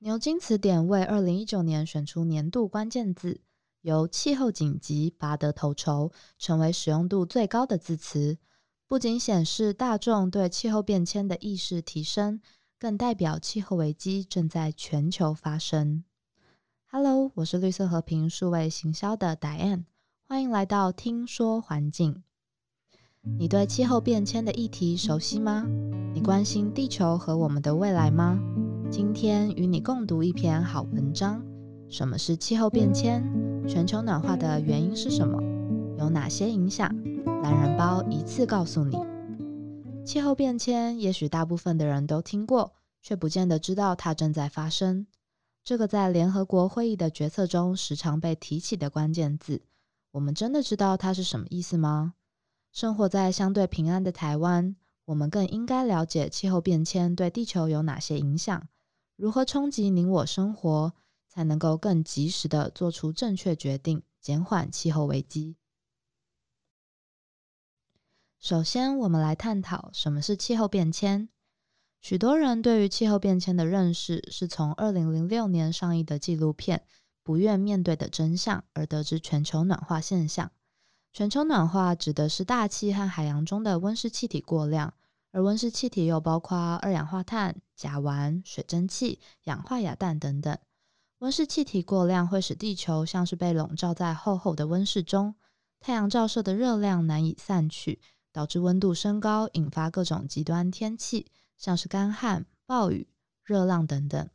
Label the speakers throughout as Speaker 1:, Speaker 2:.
Speaker 1: 牛津詞典為二零一九年選出年度關鍵字，由“氣候緊急”拔得頭籌，成為使用度最高的字詞。不僅顯示大眾對氣候變遷的意識提升，更代表氣候危機正在全球發生。Hello，我是綠色和平數位行銷的 Diane，歡迎來到聽說環境。你對氣候變遷的議題熟悉嗎？你關心地球和我們的未來嗎？今天與你共讀一篇好文章。什麼是氣候變遷？全球暖化的原因是什麼？有哪些影響？懶人包一次告訴你。氣候變遷，也許大部分的人都聽過，卻不見得知道它正在發生。這個在聯合國會議的決策中時常被提起的關鍵字，我們真的知道它是什麼意思嗎？生活在相對平安的台灣，我們更應該了解氣候變遷對地球有哪些影響。如何衝擊你我生活，才能夠更及時的做出正確決定，減緩氣候危機？首先，我們來探討什麼是氣候變遷。許多人對於氣候變遷的認識，是從二零零六年上映的紀錄片《不願面對的真相》而得知全球暖化現象。全球暖化指的是大氣和海洋中的溫室氣體過量。而溫室氣體又包括二氧化碳、甲烷、水蒸氣、氧化亞氮等等。溫室氣體過量會使地球像是被籠罩在厚厚的溫室中，太陽照射的熱量難以散去，導致溫度升高，引發各種極端天氣，像是乾旱、暴雨、熱浪等等。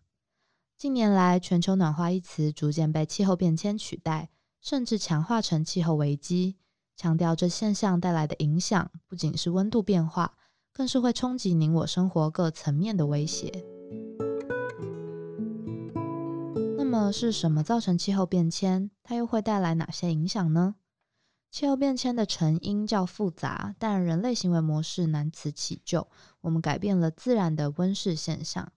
Speaker 1: 近年來，全球暖化一詞逐漸被氣候變遷取代，甚至強化成氣候危機，強調這現象帶來的影響不僅是溫度變化。更是會衝擊您我生活各層面的威脅。那麼是什麼造成氣候變遷？它又會帶來哪些影響呢？氣候變遷的成因較複雜，但人類行為模式難辭其咎。我們改變了自然的溫室現象。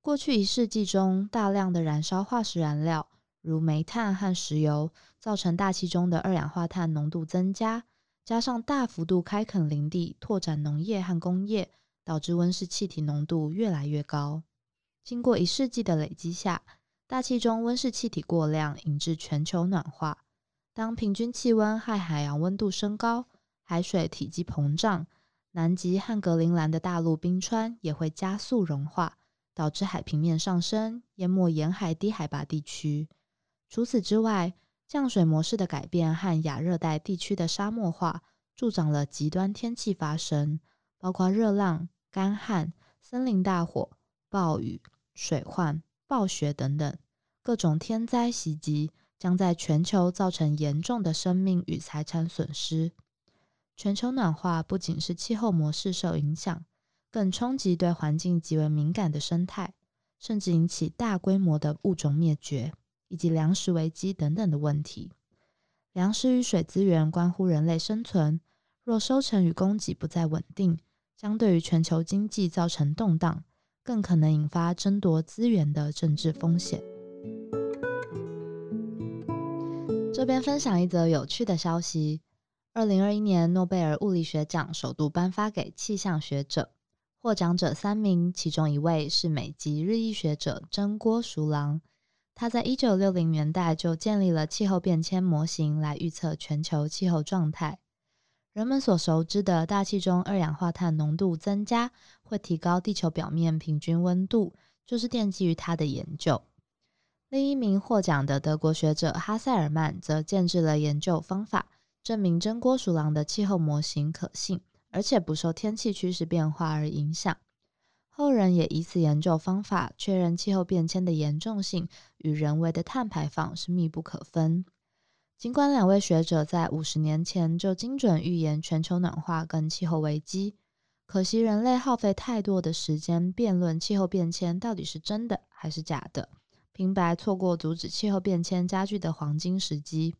Speaker 1: 過去一世紀中，大量的燃燒化石燃料，如煤炭和石油，造成大氣中的二氧化碳濃度增加。加上大幅度開墾林地、拓展農業和工業，導致溫室氣體濃度越來越高。經過一世紀的累積下，大氣中溫室氣體過量，引致全球暖化。當平均氣溫和海洋溫度升高，海水體積膨脹，南極和格陵蘭的大陸冰川也會加速融化，導致海平面上升，淹沒沿海低海拔地區。除此之外，降水模式的改變和亞熱帶地區的沙漠化，助長了極端天氣發生，包括熱浪、乾旱、森林大火、暴雨、水患、暴雪等等。各種天災襲擊將在全球造成嚴重的生命與財產損失。全球暖化不僅是氣候模式受影響，更衝擊對環境極為敏感的生態，甚至引起大規模的物種滅絕。以及糧食危機等等的問題。糧食與水資源關乎人類生存，若收成與供給不再穩定，將對於全球經濟造成動盪，更可能引發爭奪資源的政治風險。這邊分享一則有趣的消息：二零二一年諾貝爾物理學獎首度頒發給氣象學者，獲獎者三名，其中一位是美籍日裔學者真鍋淑郎。他在一九六零年代就建立了氣候變遷模型來預測全球氣候狀態。人們所熟知的大氣中二氧化碳濃度增加，會提高地球表面平均溫度，就是奠基於他的研究。另一名獲獎的德國學者哈塞爾曼則建制了研究方法，證明真鍋淑郎的氣候模型可信，而且不受天氣趨勢變化而影響。後人也以此研究方法確認氣候變遷的嚴重性與人為的碳排放是密不可分。儘管兩位學者在五十年前就精準預言全球暖化跟氣候危機，可惜人類耗費太多的時間辯論氣候變遷到底是真的還是假的，平白錯過阻止氣候變遷加劇的黃金時機。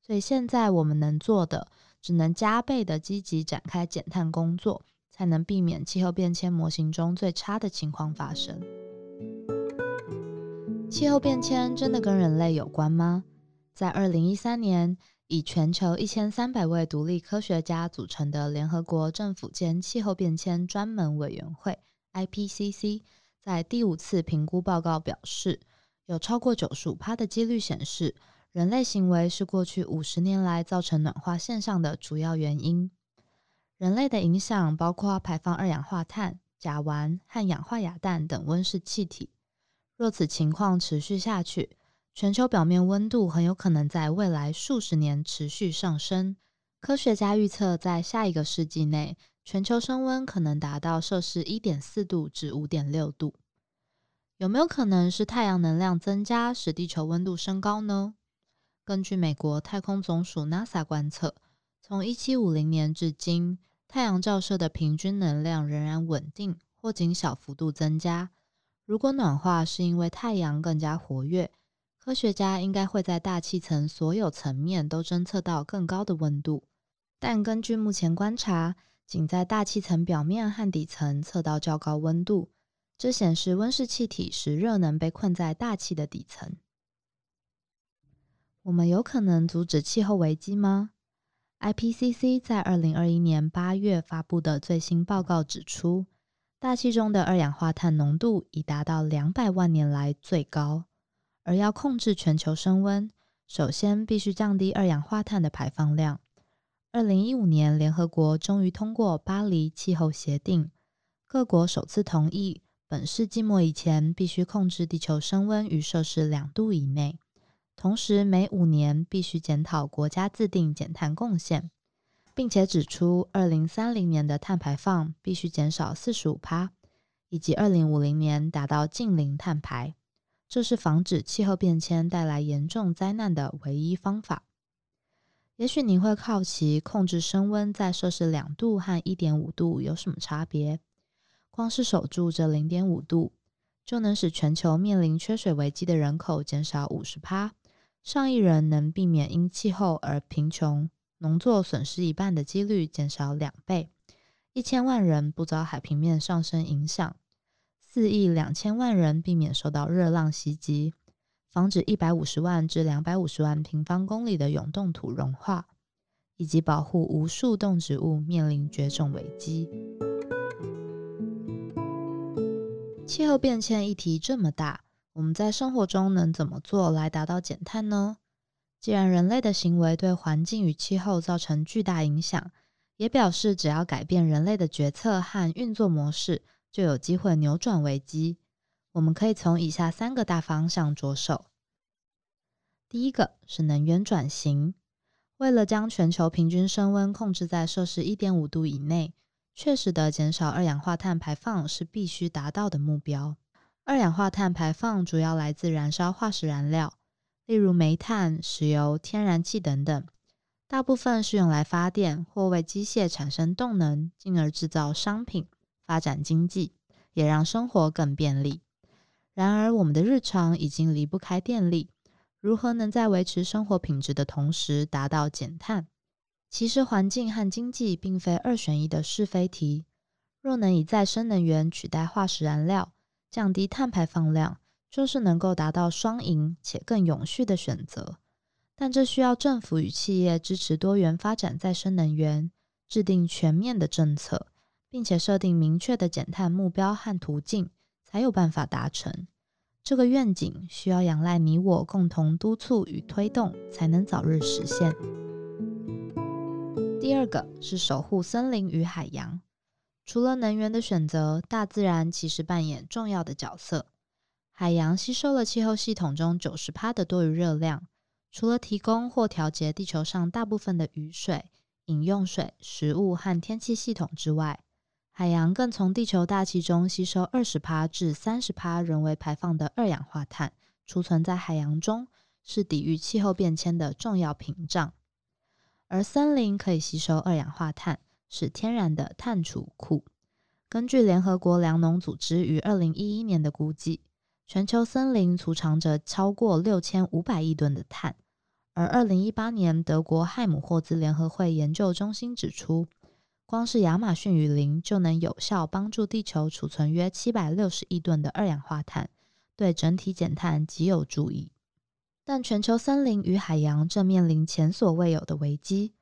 Speaker 1: 所以現在我們能做的，只能加倍的積極展開減碳工作。才能避免氣候變遷模型中最差的情況發生。氣候變遷真的跟人類有關嗎？在二零一三年，以全球一千三百位獨立科學家組成的聯合國政府間氣候變遷專門委員會 （IPCC） 在第五次評估報告表示，有超過九十五趴的幾率顯示，人類行為是過去五十年來造成暖化現象的主要原因。人類的影響包括排放二氧化碳、甲烷和氧化亞氮等溫室氣體。若此情況持續下去，全球表面溫度很有可能在未來數十年持續上升。科學家預測，在下一個世紀內，全球升溫可能達到攝氏一點四度至五點六度。有沒有可能是太陽能量增加使地球溫度升高呢？根據美國太空總署 NASA 觀測，從一七五零年至今，太陽照射的平均能量仍然穩定，或僅小幅度增加。如果暖化是因為太陽更加活躍，科學家應該會在大氣層所有層面都偵測到更高的溫度。但根據目前觀察，僅在大氣層表面和底層測到較高溫度，這顯示溫室氣體使熱能被困在大氣的底層。我們有可能阻止氣候危機嗎？IPCC 在二零二一年八月發布的最新報告指出，大氣中的二氧化碳濃度已達到兩百萬年來最高。而要控制全球升溫，首先必須降低二氧化碳的排放量。二零一五年，聯合國終於通過《巴黎氣候協定》，各國首次同意，本世紀末以前必須控制地球升溫於攝氏兩度以內。同時，每五年必須檢討國家自定減碳貢獻，並且指出，二零三零年的碳排放必須減少四十五趴，以及二零五零年達到淨零碳排。這是防止氣候變遷帶來嚴重災難的唯一方法。也許你會好奇，控制升溫在攝氏兩度和一點五度有什麼差別？光是守住這零點五度，就能使全球面臨缺水危機的人口減少五十趴。上億人能避免因氣候而貧窮，農作損失一半的幾率減少兩倍；一千萬人不遭海平面上升影響；四億兩千萬人避免受到熱浪襲擊；防止一百五十萬至兩百五十萬平方公里的永凍土融化，以及保護無數動植物面臨絕種危機。氣候變遷議題這麼大。我們在生活中能怎麼做來達到減碳呢？既然人類的行為對環境與氣候造成巨大影響，也表示只要改變人類的決策和運作模式，就有機會扭轉危機。我們可以從以下三個大方向着手。第一個是能源轉型，為了將全球平均升溫控制在攝氏一點五度以內，確實的減少二氧化碳排放是必須達到的目標。二氧化碳排放主要來自燃燒化石燃料，例如煤炭、石油、天然氣等等。大部分是用來發電或為機械產生動能，進而製造商品、發展經濟，也讓生活更便利。然而，我們的日常已經離不開電力。如何能在維持生活品質的同時達到減碳？其實，環境和經濟並非二選一的是非題。若能以再生能源取代化石燃料，降低碳排放量，就是能夠達到雙贏且更永續的選擇。但這需要政府與企業支持多元發展再生能源，制定全面的政策，並且設定明確的減碳目標和途徑，才有辦法達成。這個願景需要仰賴你我共同督促與推動，才能早日實現。第二個是守護森林與海洋。除了能源的選擇，大自然其實扮演重要的角色。海洋吸收了氣候系統中九十趴的多餘熱量，除了提供或調節地球上大部分的雨水、飲用水、食物和天氣系統之外，海洋更從地球大氣中吸收二十趴至三十趴人為排放的二氧化碳，儲存在海洋中，是抵禦氣候變遷的重要屏障。而森林可以吸收二氧化碳。是天然的碳儲庫。根據聯合國糧農組織於二零一一年的估計，全球森林儲藏着超過六千五百億噸的碳。而二零一八年，德國亥姆霍茲聯合會研究中心指出，光是亞馬遜雨林就能有效幫助地球儲存約七百六十億噸的二氧化碳，對整體減碳極有助益。但全球森林與海洋正面臨前所未有的危機。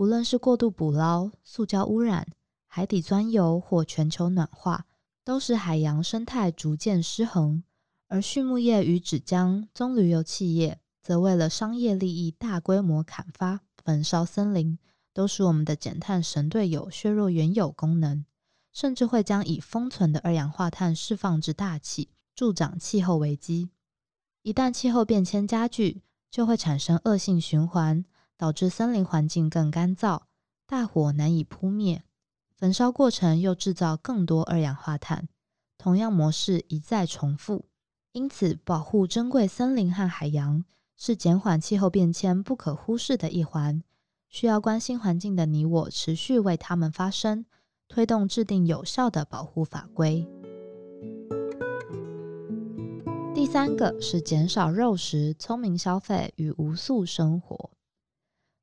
Speaker 1: 無論是過度捕撈、塑膠汙染、海底鑽油或全球暖化，都使海洋生態逐漸失衡；而畜牧業與紙漿、棕櫚油企業，則為了商業利益大規模砍伐、焚燒森林，都使我們的減碳神隊友削弱原有功能，甚至會將已封存的二氧化碳釋放至大氣，助長氣候危機。一旦氣候變遷加劇，就會產生惡性循環。導致森林環境更乾燥，大火難以撲滅，焚燒過程又製造更多二氧化碳，同樣模式一再重複。因此，保護珍貴森林和海洋是減緩氣候變遷不可忽視的一環。需要關心環境的你我，持續為它們發聲，推動制定有效的保護法規。第三個是減少肉食，聰明消費與無塑生活。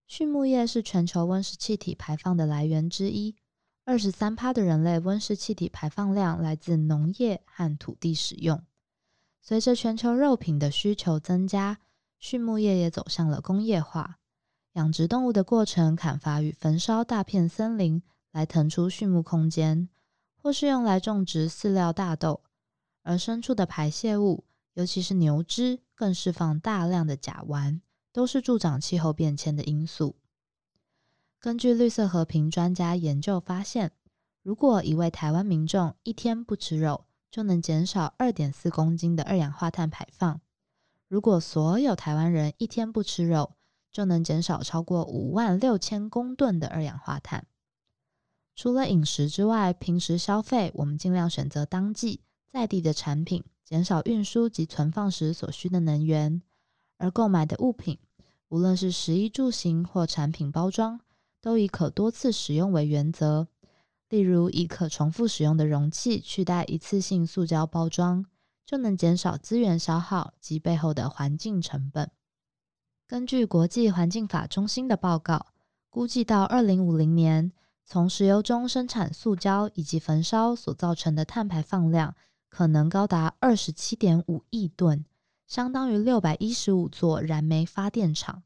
Speaker 1: 畜牧業是全球溫室氣體排放的來源之一。二十三趴的人類溫室氣體排放量來自農業和土地使用。隨着全球肉品的需求增加，畜牧業也走向了工業化。養殖動物的過程，砍伐與焚燒大片森林來騰出畜牧空間，或是用來種植飼料大豆。而牲畜的排泄物，尤其是牛只，更釋放大量的甲烷。都是助長氣候變遷的因素。根據綠色和平專家研究發現，如果一位台灣民眾一天不吃肉，就能減少二點四公斤的二氧化碳排放；如果所有台灣人一天不吃肉，就能減少超過五萬六千公噸的二氧化碳。除了飲食之外，平時消費我們盡量選擇當季在地的產品，減少運輸及存放時所需的能源，而購買的物品，無論是食衣住行或產品包裝，都以可多次使用為原則。例如，以可重複使用的容器取代一次性塑膠包裝，就能減少資源消耗及背後的環境成本。根據國際環境法中心的報告，估計到二零五零年，從石油中生產塑膠以及焚燒所造成的碳排放量，可能高達二十七點五億噸。相當於六百一十五座燃煤發電廠，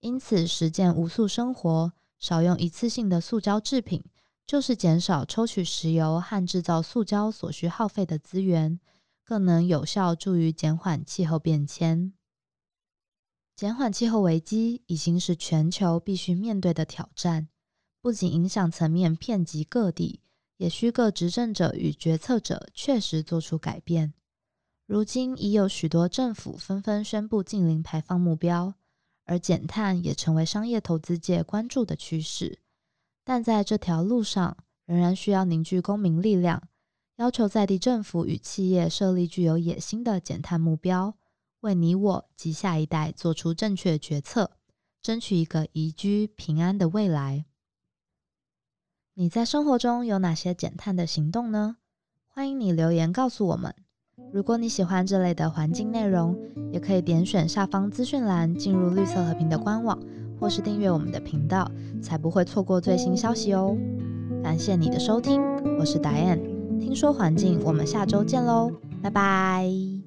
Speaker 1: 因此實踐無塑生活、少用一次性的塑膠製品，就是減少抽取石油和製造塑膠所需耗費的資源，更能有效助於減緩氣候變遷。減緩氣候危機已經是全球必須面對的挑戰，不僅影響層面遍及各地，也需各執政者與決策者確實做出改變。如今已有許多政府紛紛宣布淨零排放目標，而減碳也成為商業投資界關注的趨勢。但在這條路上，仍然需要凝聚公民力量，要求在地政府與企業設立具有野心的減碳目標，為你我及下一代做出正確決策，爭取一個宜居平安的未來。你在生活中有哪些減碳的行動呢？歡迎你留言告訴我們。如果你喜歡這類的環境內容，也可以點選下方資訊欄進入綠色和平的官網，或是訂閱我們的頻道，才不會錯過最新消息哦。感謝你的收聽，我是 Diane，聽說環境，我們下週見嘍，拜拜。